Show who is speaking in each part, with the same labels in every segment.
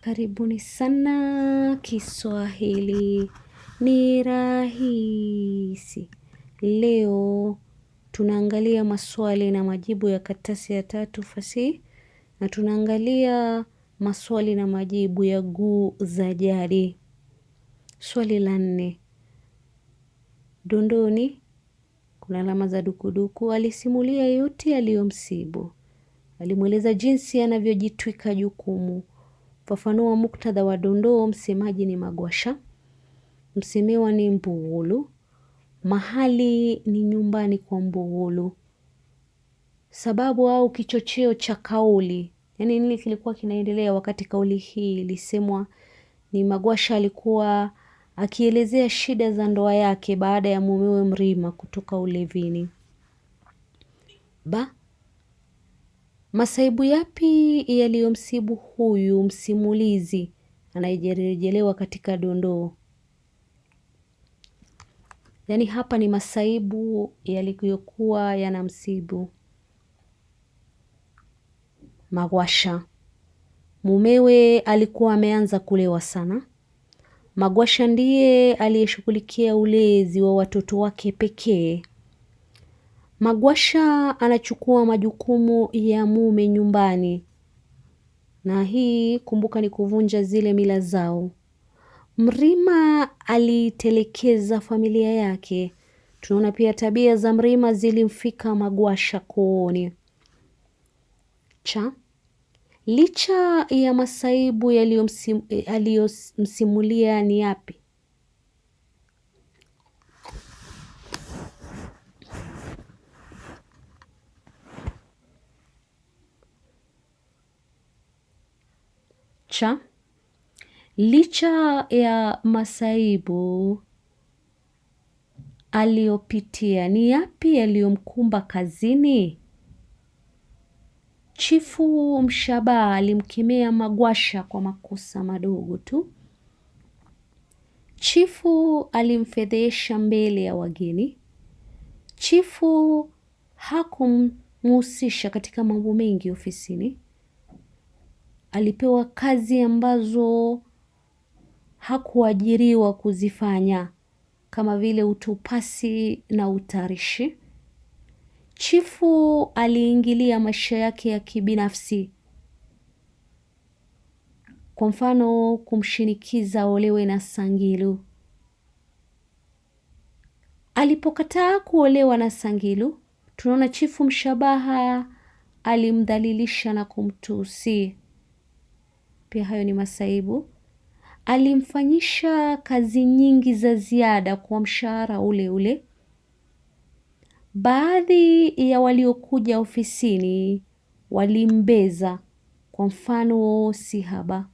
Speaker 1: Karibuni sana kiswahili ni rahisi. Leo tunaangalia maswali na majibu ya katasi ya tatu fasihi na tunaangalia maswali na majibu ya guu za jadi. Swali la nne. Dondoni kuna alama za dukuduku alisimulia yote yaliyomsibu. Alimweleza jinsi anavyojitwika jukumu Fafanua muktadha wa dondoo, msemaji ni Magwasha, msemewa ni mbugulu mahali ni nyumbani kwa mbugulu Sababu au kichocheo cha kauli, yaani nini kilikuwa kinaendelea wakati kauli hii ilisemwa? Ni Magwasha alikuwa akielezea shida za ndoa yake baada ya mumewe Mrima kutoka ulevini. Ba Masaibu yapi yaliyomsibu huyu msimulizi anayejerejelewa katika dondoo? Yaani hapa ni masaibu yaliyokuwa yanamsibu Magwasha. Mumewe alikuwa ameanza kulewa sana. Magwasha ndiye aliyeshughulikia ulezi wa watoto wake pekee. Magwasha anachukua majukumu ya mume nyumbani. Na hii kumbuka ni kuvunja zile mila zao. Mrima alitelekeza familia yake. Tunaona pia tabia za Mrima zilimfika Magwasha kooni. Cha, licha ya masaibu yaliyomsimulia eh, ni yapi? cha licha ya masaibu aliyopitia, ni yapi yaliyomkumba kazini? Chifu Mshabaha alimkemea Magwasha kwa makosa madogo tu. Chifu alimfedhesha mbele ya wageni. Chifu hakumhusisha katika mambo mengi ofisini alipewa kazi ambazo hakuajiriwa kuzifanya kama vile utupasi na utarishi. Chifu aliingilia maisha yake ya kibinafsi, kwa mfano kumshinikiza olewe na Sangilu. Alipokataa kuolewa na Sangilu, tunaona Chifu Mshabaha alimdhalilisha na kumtusi pia hayo ni masaibu. Alimfanyisha kazi nyingi za ziada kwa mshahara ule ule. Baadhi ya waliokuja ofisini walimbeza, kwa mfano si haba.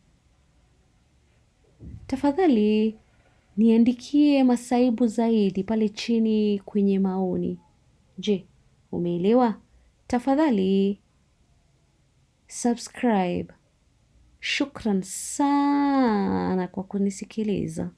Speaker 1: Tafadhali niandikie masaibu zaidi pale chini kwenye maoni. Je, umeelewa? Tafadhali subscribe. Shukran sana kwa kunisikiliza.